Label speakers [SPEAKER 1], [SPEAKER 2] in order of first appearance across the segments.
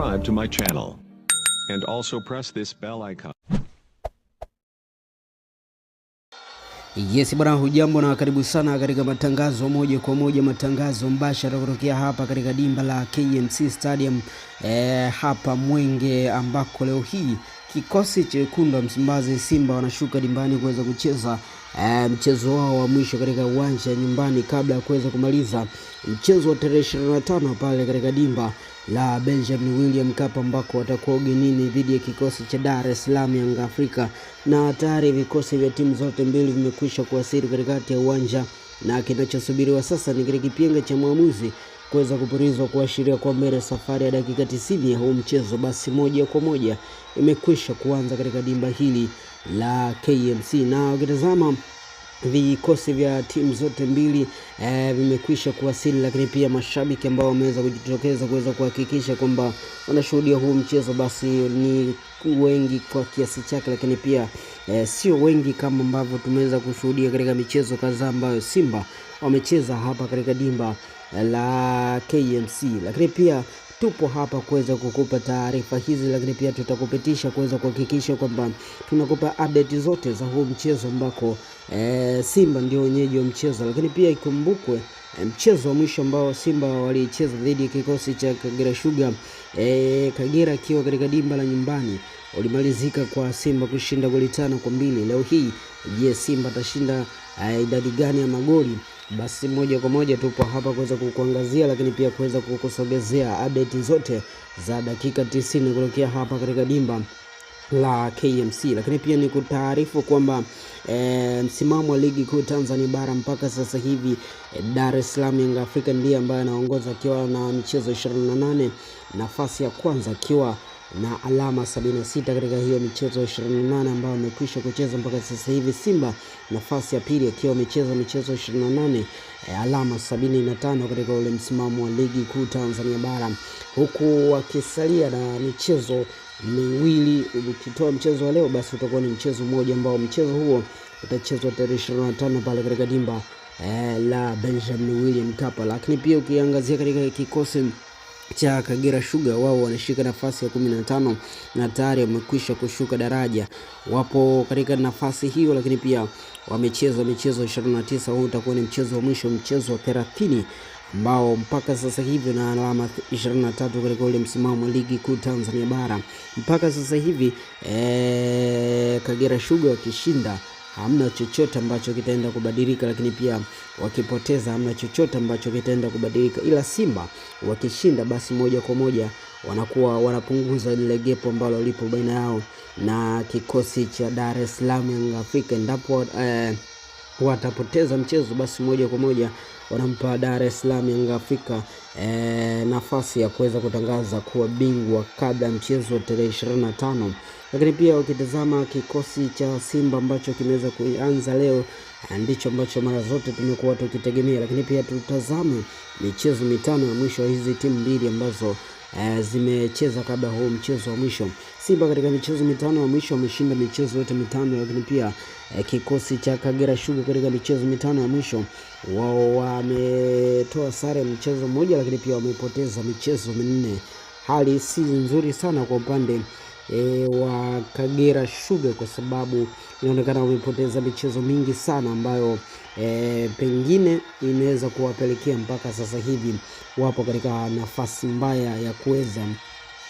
[SPEAKER 1] subscribe to my channel. And also press this bell icon. Yes bwana, hujambo na karibu sana katika matangazo moja kwa moja, matangazo mbashara kutokea hapa katika dimba la KMC Stadium e, hapa Mwenge ambako leo hii kikosi chekundu wa Msimbazi Simba wanashuka dimbani kuweza kucheza e, mchezo wao wa mwisho katika uwanja nyumbani kabla ya kuweza kumaliza mchezo wa tarehe 25 pale katika dimba la Benjamin William Mkapa ambako watakuwa ugenini dhidi ya kikosi cha Dar es Salaam Yanga Afrika, na tayari vikosi vya timu zote mbili vimekwisha kuwasili katikati ya uwanja, na kinachosubiriwa sasa ni kile kipenga cha mwamuzi kuweza kupulizwa kuashiria kwa mbele safari ya dakika 90 ya huu mchezo basi moja kwa moja imekwisha kuanza katika dimba hili la KMC, na ukitazama vikosi vya timu zote mbili e, vimekwisha kuwasili, lakini pia mashabiki ambao wameweza kujitokeza kuweza kuhakikisha kwamba wanashuhudia huu mchezo basi ni wengi kwa kiasi chake, lakini pia e, sio wengi kama ambavyo tumeweza kushuhudia katika michezo kadhaa ambayo Simba wamecheza hapa katika dimba eh, la KMC, lakini pia tupo hapa kuweza kukupa taarifa hizi, lakini pia tutakupitisha kuweza kuhakikisha kwamba tunakupa update zote za huo mchezo ambako e, Simba ndio wenyeji wa mchezo, lakini pia ikumbukwe eh, mchezo wa mwisho ambao Simba walicheza dhidi ya kikosi cha Kagera Sugar e, Kagera akiwa katika dimba la nyumbani ulimalizika kwa Simba kushinda goli tano kwa mbili. Leo hii je, Simba atashinda idadi gani ya magoli? basi moja kwa moja tupo hapa kuweza kukuangazia, lakini pia kuweza kukusogezea update zote za dakika 90 kutokea hapa katika dimba la KMC, lakini pia ni kutaarifu kwamba e, msimamo wa ligi kuu Tanzania bara mpaka sasa hivi e, Dar es Salaam Young Africa ndiye ambaye anaongoza akiwa na michezo 28, nafasi ya kwanza akiwa na alama 76 katika hiyo michezo 28 ambayo amekwisha kucheza mpaka sasa hivi. Simba nafasi ya pili akiwa amecheza michezo 28 eh, alama 75 katika ule msimamo wa ligi kuu Tanzania bara, huku wakisalia na michezo miwili. Ukitoa mchezo wa leo, basi utakuwa ni mchezo mmoja ambao mchezo huo utachezwa tarehe 25 pale katika dimba eh, la Benjamin William Mkapa, lakini pia ukiangazia katika kikosi cha Kagera Sugar, wao wanashika nafasi ya kumi na tano na tayari wamekwisha kushuka daraja, wapo katika nafasi hiyo, lakini pia wamecheza michezo 29. Huu utakuwa ni mchezo wa mwisho, mchezo wa 30 ambao mpaka sasa hivi na alama 23 katika ule msimamo wa ligi kuu Tanzania bara mpaka sasa hivi ee, Kagera Sugar wakishinda hamna chochote ambacho kitaenda kubadilika, lakini pia wakipoteza hamna chochote ambacho kitaenda kubadilika, ila Simba wakishinda, basi moja kwa moja wanakuwa wanapunguza lile gepo ambalo lipo baina yao na kikosi cha Dar es Salaam Young Afrika endapo eh, watapoteza mchezo, basi moja kwa moja wanampa Dar es Salaam Yanga Afrika e, eh, nafasi ya kuweza kutangaza kuwa bingwa kabla ya mchezo wa tarehe 25. Lakini pia ukitazama kikosi cha Simba ambacho kimeweza kuanza leo eh, ndicho ambacho mara zote tumekuwa tukitegemea, lakini pia tutazame michezo mitano ya mwisho hizi timu mbili ambazo Eh, zimecheza kabla huu mchezo wa mwisho. Simba katika michezo mitano ya mwisho wameshinda michezo yote mitano, lakini pia e, kikosi cha Kagera Sugar katika michezo mitano ya mwisho wao wametoa sare mchezo mmoja, lakini pia wamepoteza michezo minne. Hali si nzuri sana kwa upande e, wa Kagera Sugar kwa sababu inaonekana wamepoteza michezo mingi sana ambayo e, pengine inaweza kuwapelekea mpaka sasa hivi wapo katika nafasi mbaya ya kuweza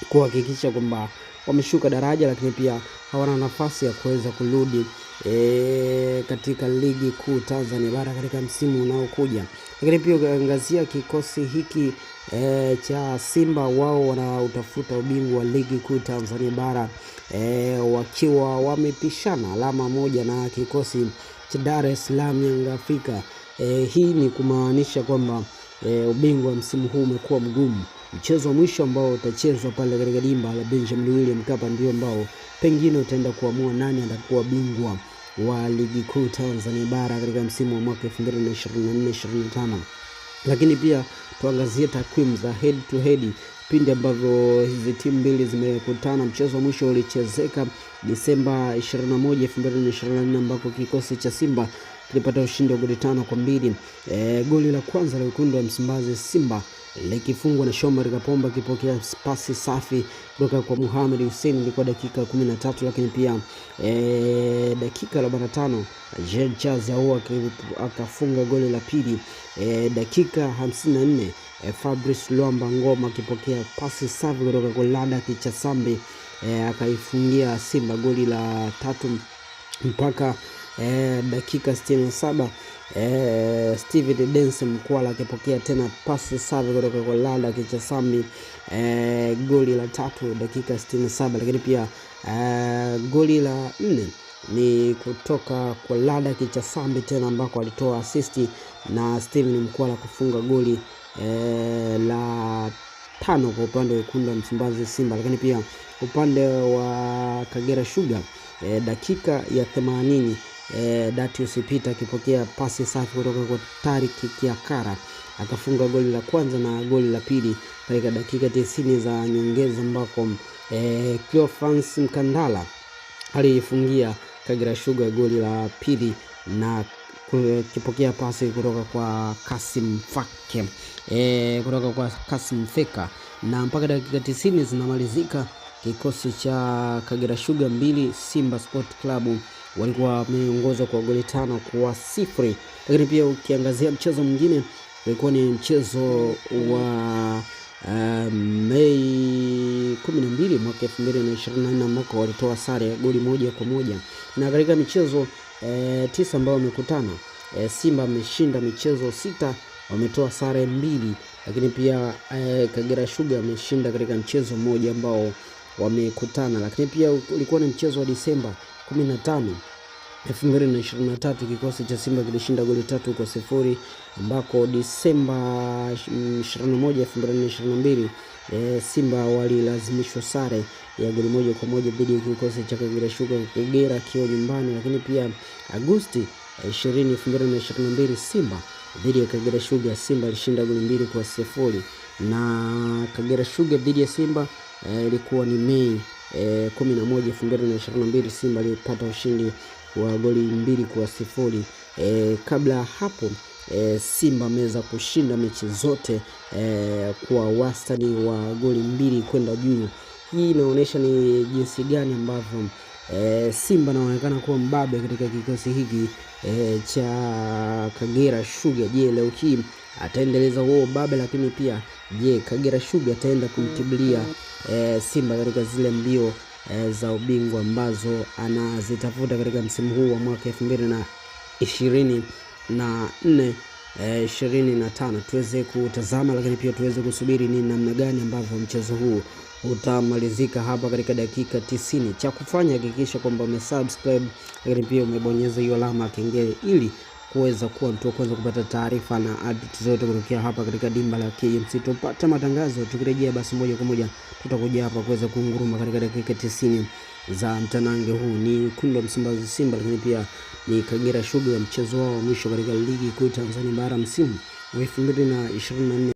[SPEAKER 1] kuhakikisha kwamba wameshuka daraja, lakini pia hawana nafasi ya kuweza kurudi e, katika ligi kuu Tanzania bara katika msimu unaokuja. Lakini pia ukiangazia kikosi hiki e, cha Simba, wao wanautafuta ubingwa wa ligi kuu Tanzania bara e, wakiwa wamepishana alama moja na kikosi cha Dar es Salaam Yanga Afrika. E, hii ni kumaanisha kwamba e, ubingwa wa msimu huu umekuwa mgumu. Mchezo wa mwisho ambao utachezwa pale katika dimba la Benjamin William Mkapa ndio ambao pengine utaenda kuamua nani atakuwa bingwa wa ligi kuu Tanzania bara katika msimu wa mwaka 2024-2025, lakini pia tuangazie takwimu za head to head pindi ambavyo hizi timu mbili zimekutana. Mchezo wa mwisho ulichezeka Disemba 21, 2024 ambako kikosi cha Simba kilipata ushindi wa goli tano kwa mbili. E, goli la kwanza la wekundu wa Msimbazi Simba likifungwa na Shomari Kapombe akipokea pasi safi kutoka kwa Muhamed Hussein, ilikuwa dakika 13, lakini pia e, dakika 45 Jean Charles Ahoua akafunga goli la pili e, dakika 54 e, eh, Fabrice Luamba Ngoma akipokea pasi safi kutoka kwa Lada Kichasambi e, akaifungia Simba goli la tatu mpaka e, dakika 67 Eh, Steve Dense Mkwala akipokea tena pasi safi kutoka kwa Lada Kichasami eh, goli la tatu dakika 67, lakini pia eh, goli la nne ni kutoka kwa Lada Kichasambi tena ambako alitoa asisti na Steven Mkwala kufunga goli e, la tano kwa upande wa wekundu wa Msimbazi Simba, lakini pia upande wa Kagera Sugar e, dakika ya themanini eh, Datius Peter akipokea pasi safi kutoka kwa Tariki Kiakara akafunga goli la kwanza na goli la pili katika dakika tisini za nyongeza ambako eh, Mkandala aliifungia Kagera Sugar goli la pili na kipokea pasi kutoka kwa Kasim Fake e, eh, kutoka kwa Kasim Feka na mpaka dakika tisini zinamalizika kikosi cha Kagera Sugar mbili Simba Sport Club walikuwa wameongoza kwa goli tano kwa sifuri. Lakini pia ukiangazia mchezo mwingine ulikuwa ni mchezo wa uh, Mei 12 mwaka 2024 ambako walitoa sare goli moja kwa moja na katika michezo eh, tisa ambayo wamekutana eh, Simba ameshinda michezo sita wametoa sare mbili, lakini pia eh, Kagera Sugar ameshinda katika mchezo mmoja ambao wamekutana, lakini pia ulikuwa ni mchezo wa Disemba 15 2023 kikosi cha Simba kilishinda goli tatu kwa sifuri ambako Disemba 21 2022 e, Simba walilazimishwa sare ya goli moja kwa moja dhidi ya kikosi cha Kagera Sugar Kagera kio nyumbani, lakini pia Agosti 20 2022 Simba dhidi ya Kagera Sugar, Simba alishinda goli mbili kwa sifuri na Kagera Sugar dhidi ya Simba eh, ilikuwa e, ni Mei eh, 11 2022 Simba aliyopata ushindi wa goli mbili kwa sifuri. Eh, kabla hapo E, Simba ameweza kushinda mechi zote e, kwa wastani wa goli mbili kwenda juu. Hii inaonyesha ni jinsi gani ambavyo E, Simba anaonekana kuwa mbabe katika kikosi hiki e, cha Kagera Sugar. Je, leo hii ataendeleza huo ubabe, lakini pia je, Kagera Sugar ataenda kumtibilia e, Simba katika zile mbio e, za ubingwa ambazo anazitafuta katika msimu huu wa mwaka elfu mbili na ishirini na nne eh, ishirini na tano tuweze kutazama, lakini pia tuweze kusubiri ni namna gani ambavyo mchezo huu utamalizika hapa katika dakika tisini. Cha kufanya hakikisha kwamba umesubscribe, lakini pia umebonyeza hiyo alama ya kengele ili kuweza kuwa mtu wa kwanza kupata taarifa na update zote kutokea hapa katika dimba la KMC. Tupata matangazo tukirejea, basi moja kwa moja tutakuja hapa kuweza kunguruma katika dakika 90 za mtanange huu. Ni kundi la Msimbazi Simba, lakini pia ni Kagera Sugar, mchezo wao wa mwisho katika ligi kuu Tanzania bara msimu wa 2024.